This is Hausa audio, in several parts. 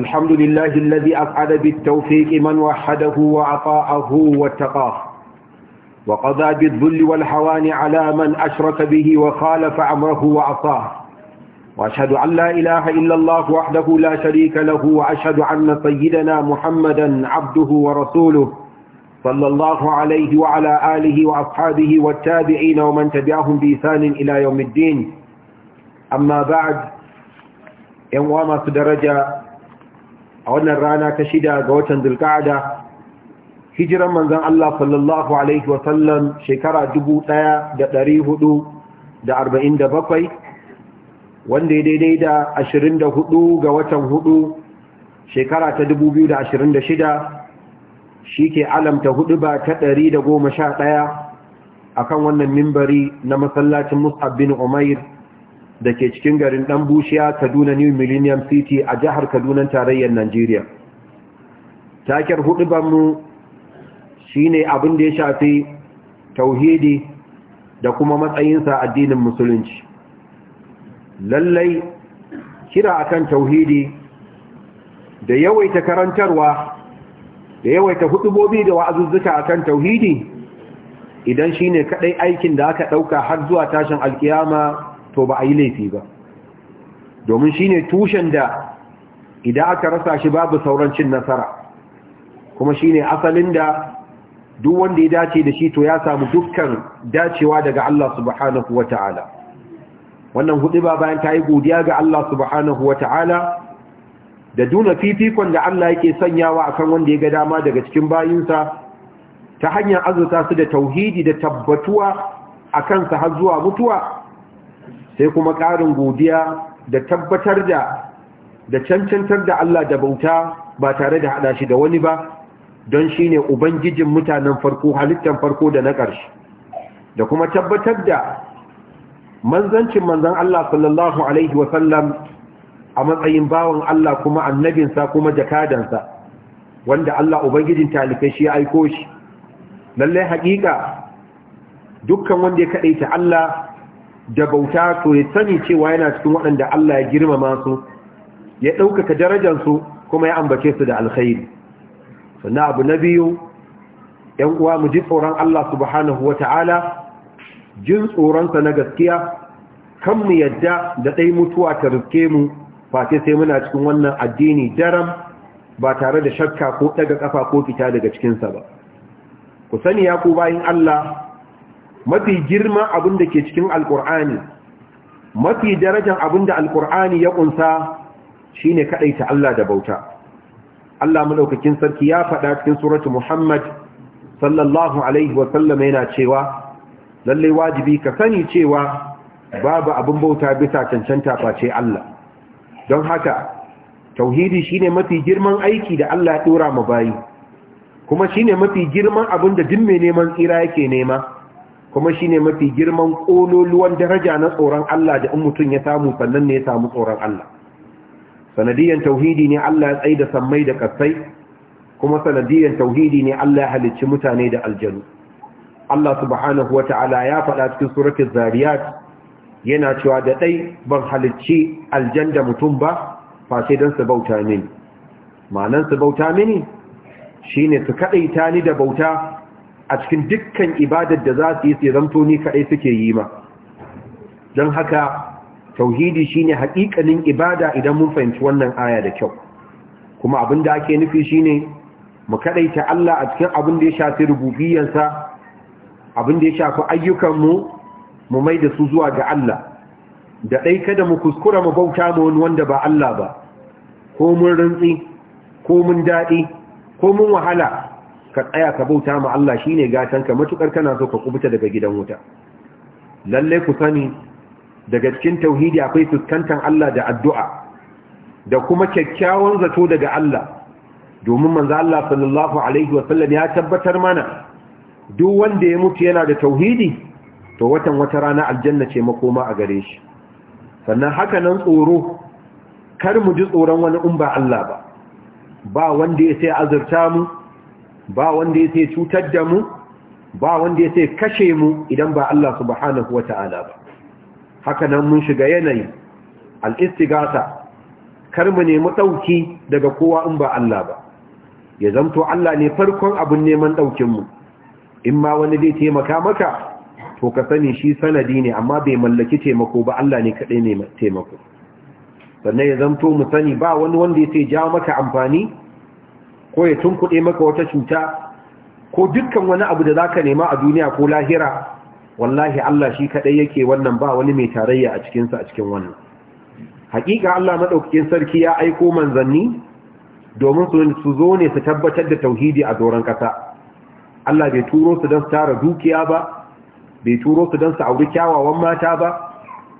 الحمد لله الذي أفعل بالتوفيق من وحده وعطاءه واتقاه وقضى بالذل والحوان على من أشرك به وخالف أمره وعصاه وأشهد أن لا إله إلا الله وحده لا شريك له وأشهد أن سيدنا محمدا عبده ورسوله صلى الله عليه وعلى آله وأصحابه والتابعين ومن تبعهم بإحسان إلى يوم الدين أما بعد يوم درجة a wannan rana ta shida ga watan zulka'ada hijiran manzan Allah sallallahu alaihi wasallam shekara 1447 wanda ya daidai da 24 ga watan hudu shekara ta 2026 shi ke alamta hudu ba ta 111 kan wannan mimbari na masallacin mus'ab bin umair da ke cikin garin ɗan bushiya kaduna new millennium city a jihar kaduna tarayyar nigeria takiyar hudubanmu shi ne abin da ya shafi tauhidi da kuma matsayinsa addinin musulunci lallai kira akan tauhidi da yawaita karantarwa da yawaita hudubobi da wa'azuzzuka akan tauhidi idan shine kaɗai aikin da aka ɗauka har zuwa tashin alkiyama to ba a yi laifi ba domin shine tushen da idan aka rasa shi babu sauran cin nasara kuma shine asalin da duk wanda ya dace da shi to ya samu dukkan dacewa daga Allah subhanahu wata'ala wannan hudu ba bayan ta yi godiya ga Allah subhanahu wata'ala da duna fifikon da Allah yake sanyawa akan wanda ya ga dama daga cikin bayinsa ta hanyar azurta su da tauhidi da tabbatuwa akan sa har zuwa mutuwa sai kuma ƙarin godiya da tabbatar da da cancantar da Allah da bauta ba tare da haɗa shi da wani ba don shi ne ubangijin mutanen farko halittar farko da na ƙarshe da kuma tabbatar da manzancin manzan Allah sallallahu Alaihi wasallam a matsayin bawan Allah kuma annabinsa kuma jakadansa wanda Allah ubangijin talikai shi ya aiko shi lallai haƙiƙa dukkan wanda ya kaɗaita Allah da bauta to ya sani cewa yana cikin waɗanda Allah ya girmama su ya ɗaukaka darajarsu kuma ya ambace su da alkhairi sannan abu na biyu ‘yan uwa mu ji tsoron Allah subhanahu wa ta'ala jin tsoronsa na gaskiya kan mu yadda da ɗai mutuwa ta riske mu face sai muna cikin wannan addini daram ba tare da shakka ko ɗaga ƙafa ko fita daga cikinsa ba ku sani ya ku bayin Allah mafi girma abin da ke cikin alkur'ani mafi darajar abin da alkur'ani ya kunsa shine ta Allah da bauta Allah Maɗaukakin sarki ya faɗa cikin suratu Muhammad sallallahu alaihi wa yana cewa lallai wajibi ka sani cewa babu abin bauta bisa cancanta face Allah don haka tauhidi shi ne mafi girman aiki da Allah ya ɗora ma bayi kuma shi ne mafi girman abin da duk neman tsira yake nema kuma shine mafi girman kololuwan daraja na tsoron Allah da in mutum ya samu sannan ne ya samu tsoron Allah sanadiyan tauhidi ne Allah ya tsaye da sammai da kasai kuma sanadiyan tauhidi ne Allah ya halicci mutane da aljanu Allah subhanahu wata'ala ya faɗa cikin surukin zariyat yana cewa da ɗai ban halicci aljanda mutum ba face dan su bauta mini ma'anan su bauta mini shine su kaɗaita ni da bauta a cikin dukkan ibadar da za su yi sai ni kaɗai suke yi ma don haka tauhidi shine haƙiƙanin ibada idan mun fahimci wannan aya da kyau kuma abin da ake nufi shine mu kaɗaita Allah a cikin abin da ya shafi rububiyyansa abin da ya shafi ayyukanmu mu mai da su zuwa ga Allah da ɗai kada mu kuskura mu bauta ma wani wanda ba Allah ba ko mun rintsi, ko mun daɗi ko mun wahala ka tsaya ka bauta ma Allah shine gatan ka matukar kana so ka kubuta daga gidan wuta lalle ku sani daga cikin tauhidi akwai fuskantar Allah da addu'a da kuma kyakkyawan zato daga Allah domin manzo Allah sallallahu alaihi wasallam ya tabbatar mana duk wanda ya mutu yana da tauhidi to watan wata rana aljanna ce makoma a gare shi sannan haka nan tsoro kar mu ji tsoron wani in ba Allah ba ba wanda ya sai azurta mu ba wanda yake cutar da mu ba wanda yake kashe mu idan ba Allah subhanahu wa ta'ala ba haka nan mun shiga yanayi al al'istigasa kar mu nemi ɗauki daga kowa in ba Allah ba ya zanto Allah ne farkon abun neman mu. in ma wani zai taimaka maka to ka sani shi sanadi ne amma bai mallaki taimako ba Allah ne kadai ne taimako sannan ya zanto mu sani ba wani wanda yake sai ja maka amfani ko ya tunkuɗe maka wata cuta ko dukkan wani abu da zaka nema a duniya ko lahira wallahi Allah shi kaɗai yake wannan ba wani mai tarayya a cikin sa a cikin wannan hakika Allah madaukakin sarki ya aiko manzanni domin su zo ne su tabbatar da tauhidi a doron ƙasa. Allah bai turo su don su tara dukiya ba bai turo su don su auri kyawawan mata ba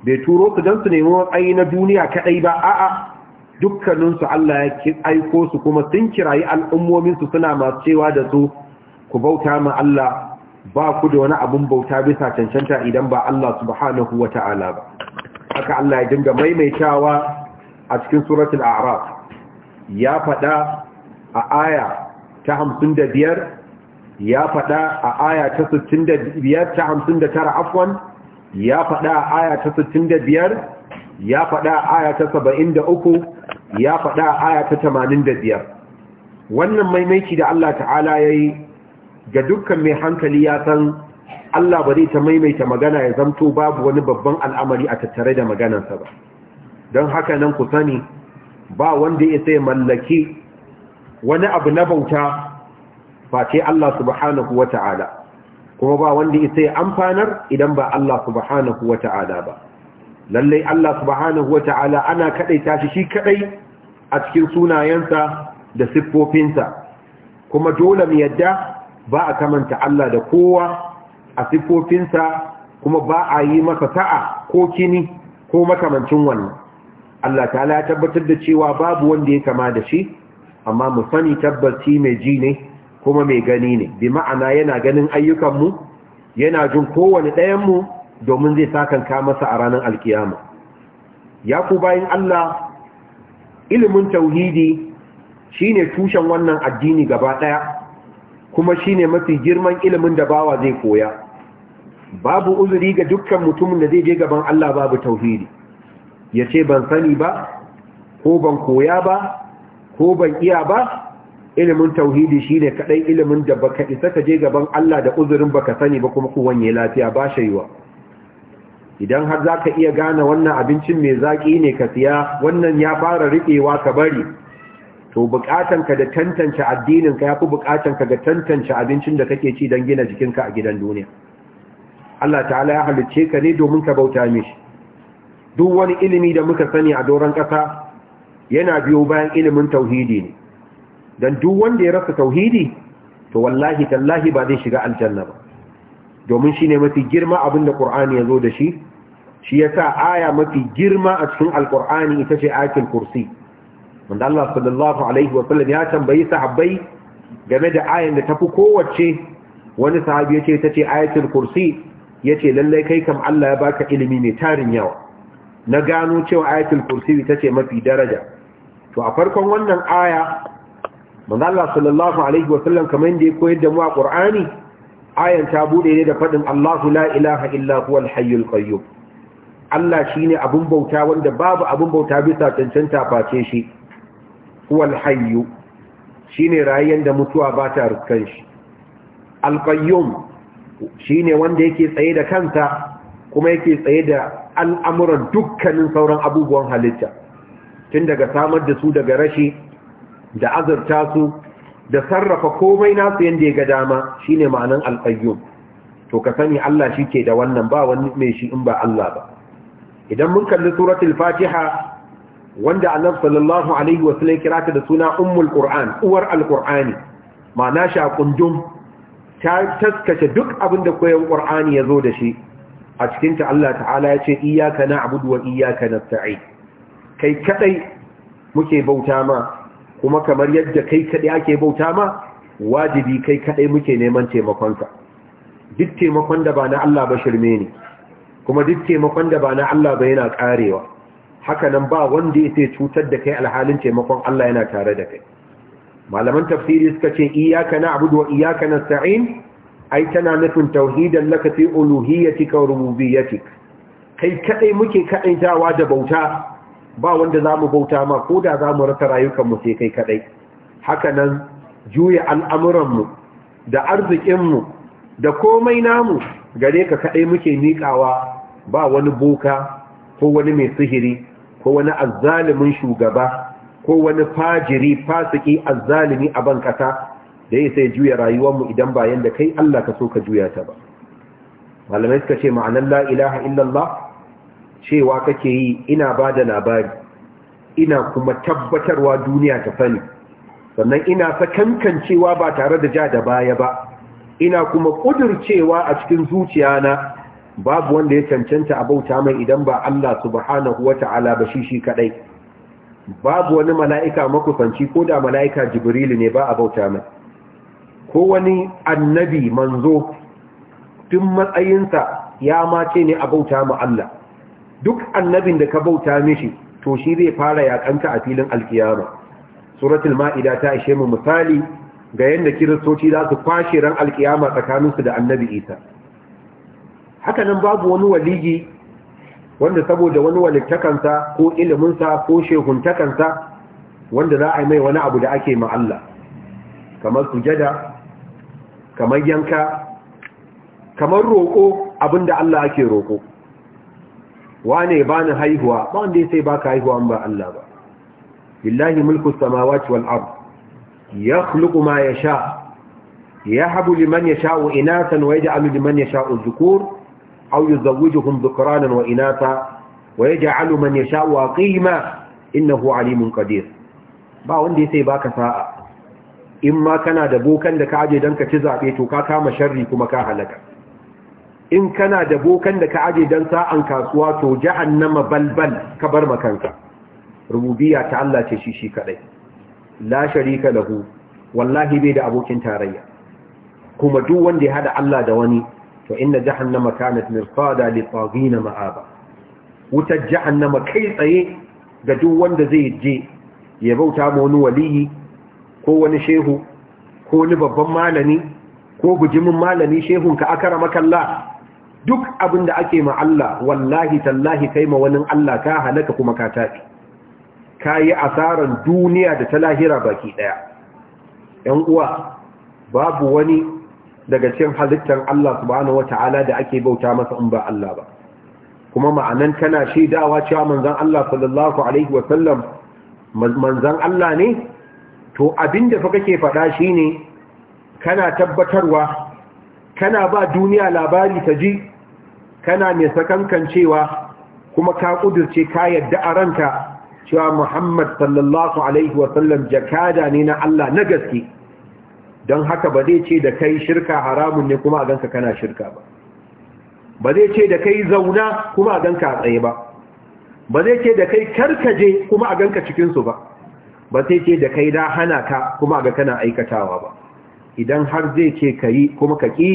bai turo su don su nemi matsayi na duniya kaɗai ba a'a dukkaninsu Allah ya aiko su kuma sun kirayi al'ummominsu suna masu cewa da su ku bauta ma Allah ba ku da wani abun bauta bisa cancanta idan ba Allah subhanahu wa ta'ala ba. Haka Allah ya dinga maimaitawa a cikin suratul A'raf ya faɗa a aya ta hamsin da biyar ya faɗa a aya ta sittin da biyar ta hamsin da tara afwan ya faɗa a aya ta sittin da biyar ya faɗa aya ta uku, ya faɗa aya ta tamanin da biyar. wannan maimaiki da Allah ta'ala yayi ga dukkan mai hankali ya san Allah ba zai ta maimaita magana ya zamto babu wani babban al'amari a tattare da maganarsa ba don haka nan ku sani ba wanda ya sai mallaki wani abu na bauta face Allah subhanahu wata'ala kuma ba wanda ya sai amfanar idan ba Allah subhanahu wata'ala ba lallai Allah subhanahu wata'ala ana kadaita shi shi kadai a cikin sunayensa da siffofinsa kuma dole mu yadda ba a kamanta Allah da kowa a siffofinsa kuma ba a yi masa ta'a ko kini ko makamancin wani. Allah ta'ala ya tabbatar da cewa babu wanda ya kama da shi amma mu sani tabbaci mai ji ne kuma mai gani ne bi ma'ana yana ganin ayyukanmu yana jin kowane ɗayanmu domin zai ka masa a ranar alkiyama ya ku bayan Allah ilimin tauhidi shine tushen wannan addini gaba ɗaya kuma shine mafi girman ilimin da bawa zai koya babu uzuri ga dukkan mutumin da zai je gaban Allah babu tauhidi ya ce ban sani ba ko ban koya ba ko ban iya ba ilimin tauhidi shine kaɗai ilimin da baka isa ka je gaban Allah da uzurin baka sani ba kuma kuwan ya lafiya ba shaiwa idan har za ka iya gane wannan abincin mai zaƙi ne ka siya wannan ya fara riƙewa ka bari to buƙatanka da tantance addininka ya fi buƙatanka ga tantance abincin da kake ci don gina jikinka a gidan duniya Allah ta'ala ya halicce ka ne domin ka bauta mishi duk wani ilimi da muka sani a doron ƙasa yana biyo bayan ilimin tauhidi ne don duk wanda ya rasa tauhidi to wallahi tallahi ba zai shiga aljanna ba domin shine mafi girma abin da Qur'ani ya zo da shi shi yasa aya mafi girma a cikin Alƙur'ani ita ce ayatul kursi wanda Allah sallallahu alaihi wa sallam ya tambayi sahabbai game da ayan da tafi kowace wani sahabi yace ita ce ayatul kursi ce lallai kai kam Allah ya baka ilimi mai tarin yawa na gano cewa ayatul kursi ita ce mafi daraja to a farkon wannan aya manzo Allah sallallahu alaihi wa sallam kamar yadda ya koyar da mu a Qur'ani ayan ta bude ne da fadin Allahu la ilaha illa huwal hayyul qayyum Allah shi ne abin bauta wanda babu abin bauta bisa cancanta face shi huwal shi ne rayan da mutuwa ba ta rukkan shi shi shine wanda yake tsaye da kanta kuma yake tsaye da al'amuran dukkanin sauran abubuwan halitta tun daga samar da su daga rashi da azurta su da sarrafa komai nasu yadda ya ga dama shi ne ma'anan alƙayyum, to ka sani Allah shi ke da wannan ba wani mai shi in ba Allah ba idan mun kalli suratul fatiha wanda annab sallallahu alaihi wa sallam kira ta da suna ummul qur'an uwar alqur'ani ma'ana sha kundum ta taskace duk abin da koyon qur'ani yazo da shi a cikin ta Allah ta'ala ya ce iyyaka na'budu wa iyyaka nasta'in kai kadai muke bauta ma kuma kamar yadda kai kadai ake bauta ma wajibi kai kadai muke neman taimakon ka duk taimakon da ba na Allah ba shirme ne kuma duk taimakon da ba na Allah ba yana karewa haka nan ba wanda yake cutar da kai alhalin taimakon Allah yana tare da kai malaman tafsiri suka ce iyyaka na'budu wa iyyaka nasta'in ai tana nufin tauhidan laka fi uluhiyyatika wa rububiyyatika kai kadai muke kadaitawa da bauta ba wanda zamu bauta ma ko da zamu rasa rayukan mu sai kai kadai haka nan juya al'amuran mu da arzikin mu da komai namu gare ka kaɗai muke miƙawa ba wani boka ko wani mai sihiri ko wani azzalimin shugaba ko wani fajiri fasiki azzalimi a ban ƙasa da ya sai juya mu idan ba yanda kai Allah ka so ka juya ta ba malamai suka ce ma'anar la ilaha illallah cewa kake yi ina ba da labari ina kuma tabbatarwa duniya ta sani sannan ina sakankancewa ba tare da ja da baya ba ina kuma kudircewa a cikin zuciya na. babu wanda ya cancanta a bauta mai idan ba Allah subhanahu wata'ala ba shi shi kadai babu wani mala'ika makusanci ko da mala'ika jibrilu ne ba a bauta mai ko wani annabi manzo tun matsayinsa ya mace ne a bauta ma Allah duk annabin da ka bauta mishi to shi zai fara yakanka a filin alkiyama suratul ma'ida ta ishe mu misali ga yadda kiristoci za su kwashe ran alkiyama tsakaninsu da annabi isa hakanan babu wani waligi, wanda saboda wani walittakansa ko iliminsa ko shehuntakansa wanda za a yi mai wani abu da ake ma Allah kamar sujada kamar yanka kamar roƙo abinda Allah ake roƙo wane ba ni haihuwa ba wanda ya sai baka haihuwa ba Allah ba billahi mulku samawa wal ardh يخلق ما يشاء يهب لمن يشاء إناثا ويجعل لمن يشاء الذكور أو يزوجهم ذكرانا وإناثا ويجعل من يشاء وقيما إنه alimun ƙadir, ba wanda sai ka sa'a in ma kana da bokan da ka aje don ka ci zabe to ka kama sharri kuma ka halaka in kana da bokan da ka aje dan sa'an kasuwa to na mabalbal ka bar makanka rububiya ta Allah ce shi shi kaɗai la sharika lahu wallahi bai da abokin tarayya kuma duk wanda ya hada Allah da wani to inna jahannama kanat mirqada litagina ma'aba wutar jahannama kai tsaye ga duk wanda zai je ya bauta ma wani waliyi ko wani shehu ko wani babban malami ko bujimin malami shehun ka akara makalla duk abin da ake ma Allah wallahi tallahi kai ma wani Allah ka halaka kuma ka tafi ka yi asaran duniya da ta lahira baki ɗaya ‘yan uwa babu wani daga cikin halittar Allah subhanahu wa ta'ala da ake bauta masa in ba Allah ba kuma ma'anan kana shaidawa cewa manzan Allah sallallahu alaihi wa sallam, manzan Allah ne to abinda fa kake faɗa shine kana tabbatarwa kana ba duniya labari ta ji kana mai sakankan cewa kuma ka kudurce ka yadda a ranka cewa Muhammad sallallahu alaihi wasallam jakada ne na Allah na gaske don haka ba zai ce da kai shirka haramun ne kuma a ganka kana shirka ba ba zai ce da kai zauna kuma a ganka a tsaye ba ba zai ce da kai karkaje kuma a ganka cikinsu ba ba zai ce da kai da hana ka kuma ga kana aikatawa ba idan har zai ce ka yi kuma ka ƙi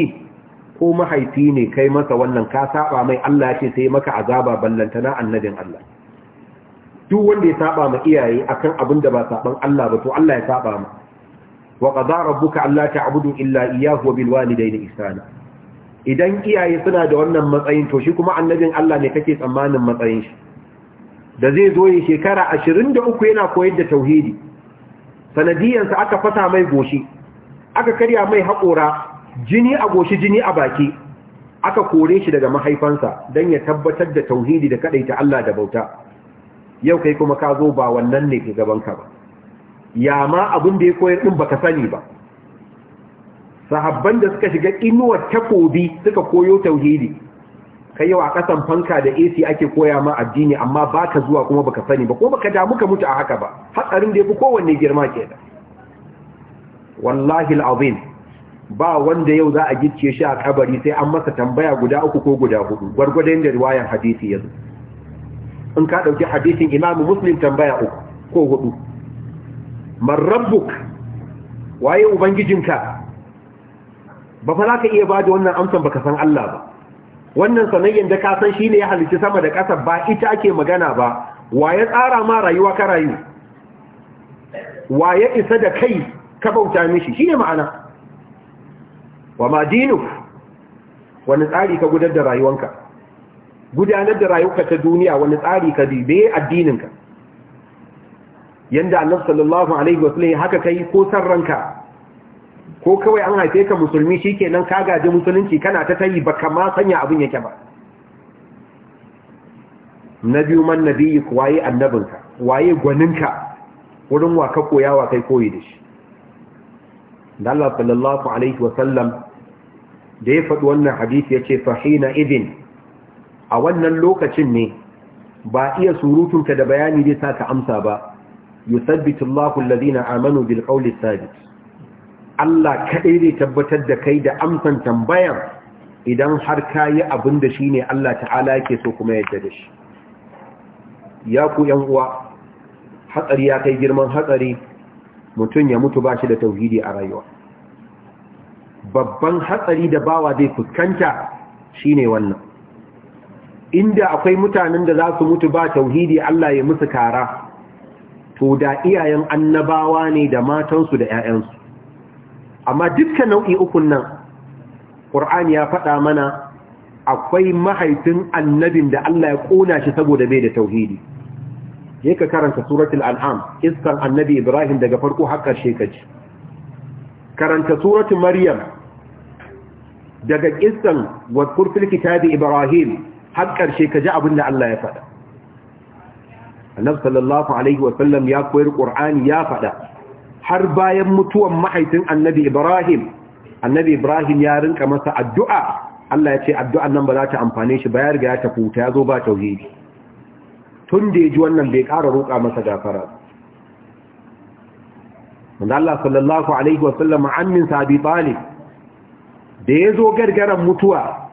ko mahaifi ne kai masa wannan ka saba mai Allah ya ce sai maka azaba ballantana annabin Allah duk wanda ya saba ma iyaye akan abin da ba saban Allah ba to Allah ya saba ma wa qadara rabbuka alla ta'budu illa iyyahu wabil walidayni ihsana idan iyaye suna da wannan matsayin to shi kuma annabin Allah ne kake tsammanin matsayin shi da zai zo yi shekara 23 yana koyar da tauhidi sa aka fasa mai goshi aka karya mai hakora jini a goshi jini a baki aka kore shi daga mahaifansa dan ya tabbatar da tauhidi da kadaita Allah da bauta yau kai kuma ka zo ba wannan ne ke gabanka ba ya ma abin da ya koyar din baka sani ba sahabban da suka shiga inuwar takobi suka koyo tauhidi kai yau a kasan fanka da AC ake koya ma addini amma baka zuwa kuma baka sani ba ko baka damu ka mutu a haka ba hatsarin da ya fi kowanne girma ke da. wallahi alazim ba wanda yau za a gicce shi a kabari sai an masa tambaya guda uku ko guda hudu gwargwadon da riwayar hadisi yanzu in ka ɗauki hadisin imamu muslim tambaya uku ko hudu man rabbuk waye ubangijinka ba fa za ka iya bada wannan amsan baka san Allah ba wannan sanayyan da ka san shine ya halicci sama da ƙasa ba ita ake magana ba waye tsara ma rayuwa ka rayu waye isa da kai ka bauta mishi shine ma'ana wa madinu wani tsari ka gudar da rayuwanka gudanar da rayuka ta duniya wani tsari ka bibe addininka Yadda annabi sallallahu alaihi wasallam haka kai ko san ko kawai an haife ka musulmi shi ke nan ka gaji musulunci kana ta tayi baka ma sanya abin yake ba Na biyu man na nabiyyi waye annabinka waye gwaninka wurin wa ka koya wa kai koyi da shi da Allah sallallahu alaihi wasallam da ya faɗi wannan hadisi ya ce fahina idin a wannan lokacin ne ba iya surutunka da bayani zai sa ka amsa ba yusabbitu Allahu alladhina amanu bil qawli thabit Allah kadai zai tabbatar da kai da amsan tambayan idan har kayi abin da shine Allah ta'ala yake so kuma yadda da shi ya ku yan uwa hatsari ya kai girman hatsari mutum ya mutu bashi da tauhidi a rayuwa babban hatsari da bawa zai fuskanta shine wannan inda akwai mutanen da za su mutu ba tauhidi Allah ya musu kara to da iyayen annabawa ne da matansu da 'ya'yansu amma dukkan nau'i ukun nan ƙur'ani ya faɗa mana akwai mahaifin annabin da Allah ya ƙona shi saboda bai da tauhidi ya ka karanta suratul an'am iskan annabi ibrahim daga farko har ƙarshe karanta suratul maryam daga iskan wadkur kitabi ibrahim har ƙarshe ka ji abin da Allah ya faɗa annabi sallallahu alaihi wa sallam ya koyar qur'ani ya faɗa har bayan mutuwan mahaifin annabi ibrahim annabi ibrahim ya rinka masa addu'a Allah ya ce addu'an nan ba za ta amfane shi ba ya riga ya tafi wuta ya zo ba tauhidi tun da ya ji wannan bai ƙara roƙa masa gafara wanda Allah sallallahu alaihi wa sallam ammin sa abi talib da ya zo gargaran mutuwa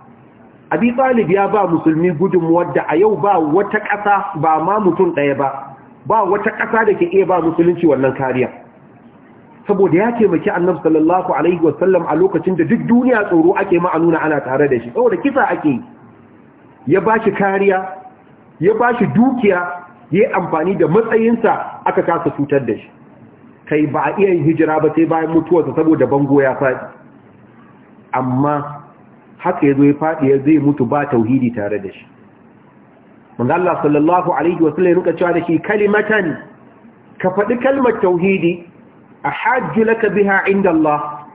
abi talib ya ba musulmi gudunmuwar da a yau ba wata ƙasa ba ma mutum ɗaya ba ba wata ƙasa da ke iya ba musulunci wannan kariya saboda ya taimaki annabi sallallahu alaihi wasallam a lokacin da duk duniya tsoro ake ma nuna ana tare da shi saboda kisa ake yi ya ba shi kariya ya ba shi dukiya ya yi amfani da matsayinsa aka kasa cutar da shi kai ba a iya yin hijira ba sai bayan mutuwarsa saboda bango ya faɗi amma haka ya zo ya faɗi ya zai mutu ba tauhidi tare da shi manzo Allah sallallahu alaihi wasallam ya ruka cewa da shi kalimatan ka faɗi kalmar tauhidi hajji laka biha inda Allah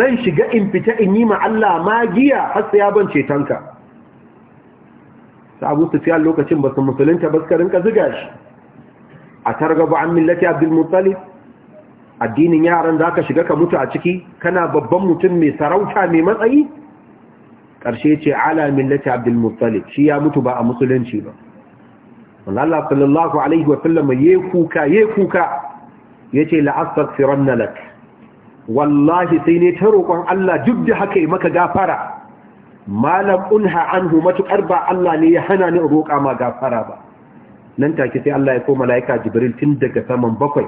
zan shiga in fita in yi ma Allah magiya har sai ya ban cetonka Abu Sufyan lokacin ba su musulunta ba suka rinka ziga shi a targaba an millati Abdul Muttalib addinin yaran da aka shiga ka mutu a ciki kana babban mutum mai sarauta mai matsayi ƙarshe ce ala millati abdul muttalib shi ya mutu ba a musulunci ba Allah sallallahu alaihi wa sallam ya kuka ya kuka yace la astaghfiranna lak wallahi sai ne ta roƙon Allah duk da haka yi maka gafara malam unha anhu matukar ba Allah ne ya hana ni roƙa ma gafara ba nan take sai Allah ya ko malaika jibril tun daga saman bakwai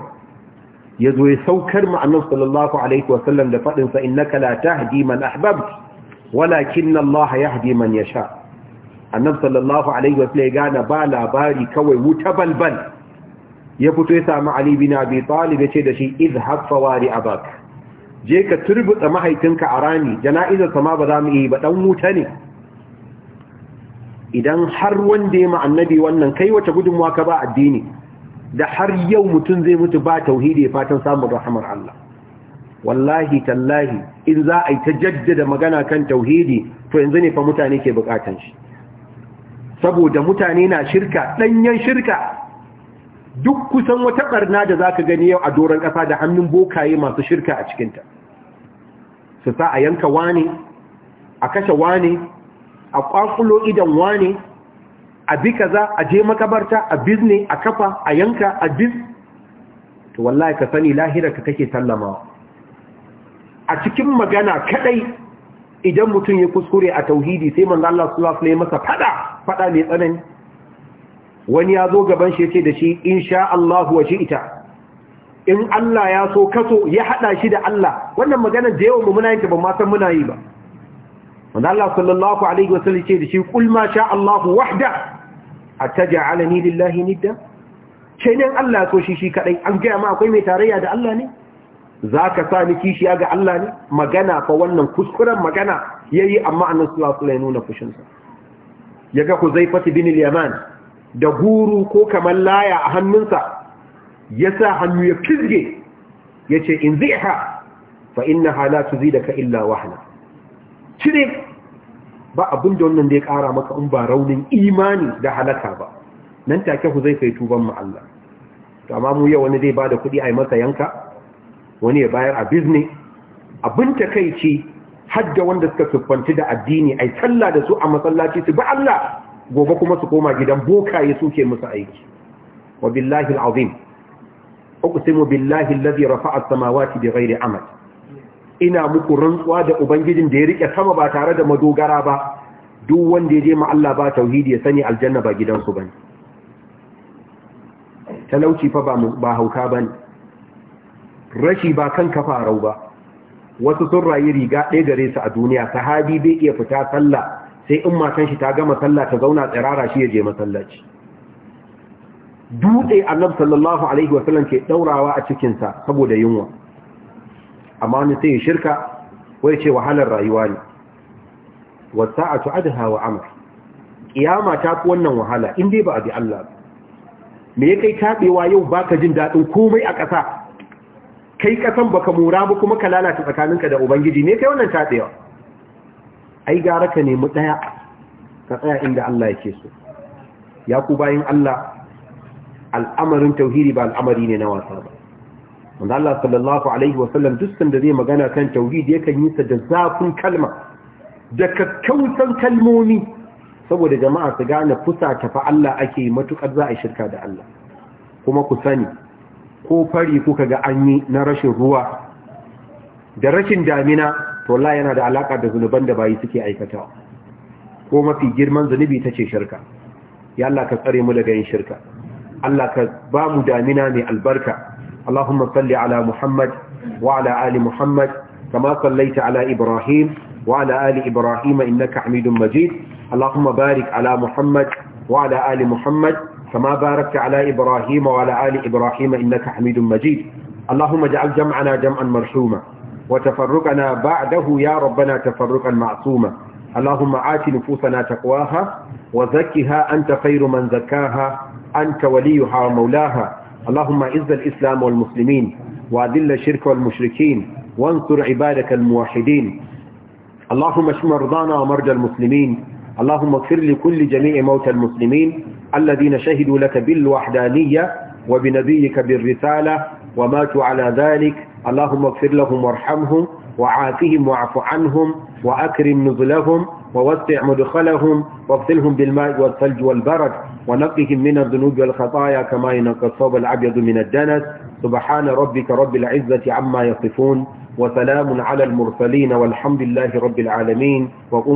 ya zo ya saukar ma annabi sallallahu alaihi wa sallam da fadin sa innaka la tahdi man ahbabta walakin Allah yahdi man sha. annabi sallallahu alaihi wasallam ya gane ba labari kawai wuta balbal ya fito ya sami alibi na Abi Talib ya ce da shi izhab fawari abak je ka turbuta mahaifinka a rami jana'izar sama ba za mu yi ba ɗan wuta ne idan har wanda ya annabi wannan kai wace gudunmuwa ka ba addini da har yau mutum zai mutu ba tauhidi fatan samun rahamar Allah wallahi tallahi in za a yi ta jaddada magana kan tauhidi to yanzu ne fa mutane ke bukatan shi saboda mutane na shirka danyen shirka duk kusan wata barna da zaka gani yau a doron kasa da hannun bokaye masu shirka a ta su sa a yanka wane a kashe wane a kwakulo idan wane a bi kaza a je makabarta a bizne a kafa a yanka a biz to wallahi ka sani lahira ka kake sallamawa a cikin magana kadai idan mutum ya kuskure a tauhidi sai manzo Allah sallallahu alaihi masa fada fada mai tsanani wani ya zo gaban shi yace da shi insha Allah wa ita. in Allah ya so kaso ya hada shi da Allah wannan magana da yawa mu muna yin ta ba ma san muna yi ba manzo Allah sallallahu alaihi wasallam yace da shi kul ma sha Allah wahda ataj'alani lillahi nidda kenan Allah ya so shi shi kadai an ga ma akwai mai tarayya da Allah ne za ka sa ni kishiya ga Allah ne magana fa wannan kuskuren magana ya yi amma annan sulasula ya nuna fushinsa ya ga ku zai fasi bin liyaman da guru ko kamar laya a hannunsa ya sa hannu ya fizge ya ce in zai ha fa inna su zai da ka illa wahala cire ba abin da wannan da ya kara maka in ba raunin imani da halaka ba nan take ku zai fai tuban mu Allah to amma mu yau wani zai bada kuɗi a yi masa yanka wani ya bayar a bizne abin ta ce hadda wanda suka siffanci da addini ai sallah da su a masallaci su ba Allah gobe kuma su koma gidan bokaye suke musu aiki wa billahi alazim mu billahi alladhi rafa as-samawati gairi amal ina muku rantsuwa da ubangijin da ya rike sama ba tare da madogara ba duk wanda ya je ma Allah ba tauhidi ya sani aljanna ba gidansu ne talauci fa ba hauka ba ne rashi ba kan kafa rau ba wasu sun rayu riga ɗaya gare su a duniya sahabi bai iya fita sallah sai in matan shi ta gama sallah ta zauna tsirara shi ya je masallaci dutse annab sallallahu alaihi wasallam ke ɗaurawa a cikinsa saboda yunwa amma wani sai ya shirka wai ce wahalar rayuwa ne wasa'atu adha wa amr kiyama ta fi wannan wahala in dai ba a bi Allah me ya kai taɓewa yau baka jin daɗin komai a ƙasa kai kasan baka mura ba kuma ka lalata tsakaninka da ubangiji ne kai wannan tatsewa ai gara ka nemi daya ka tsaya inda Allah yake so ya ku bayin Allah al'amarin tauhidi ba al'amari ne na wasa ba wanda Allah sallallahu alaihi wa sallam dukkan da zai magana kan tauhidi yakan yi sa da zafin kalma da kakkausan kalmomi saboda jama'a su gane fusa ta fa Allah ake matukar za a shirka da Allah kuma ku sani ko fari kuka ga an yi na rashin ruwa da rashin damina to la yana da alaka da zunuban da bayi suke aikatawa ko mafi girman zunubi tace ce shirka ya Allah ka tsare mu daga yin shirka Allah ka ba mu damina mai albarka Allahumma salli ala Muhammad wa ala ali Muhammad kama sallaita ala Ibrahim wa ala ali Ibrahim innaka Hamidum Majid Allahumma barik ala Muhammad wa ala ali Muhammad كما باركت على إبراهيم وعلى آل إبراهيم إنك حميد مجيد اللهم اجعل جمعنا جمعا مرحوما وتفرقنا بعده يا ربنا تفرقا معصوما اللهم آت نفوسنا تقواها وزكها أنت خير من زكاها أنت وليها ومولاها اللهم إذ الإسلام والمسلمين وأذل الشرك والمشركين وانصر عبادك الموحدين اللهم اشف مرضانا ومرجى المسلمين اللهم اغفر لكل جميع موتى المسلمين الذين شهدوا لك بالوحدانية وبنبيك بالرسالة وماتوا على ذلك اللهم اغفر لهم وارحمهم وعافهم واعف عنهم وأكرم نزلهم ووسع مدخلهم واغسلهم بالماء والثلج والبرد ونقهم من الذنوب والخطايا كما ينقى الثوب الأبيض من الدنس سبحان ربك رب العزة عما يصفون وسلام على المرسلين والحمد لله رب العالمين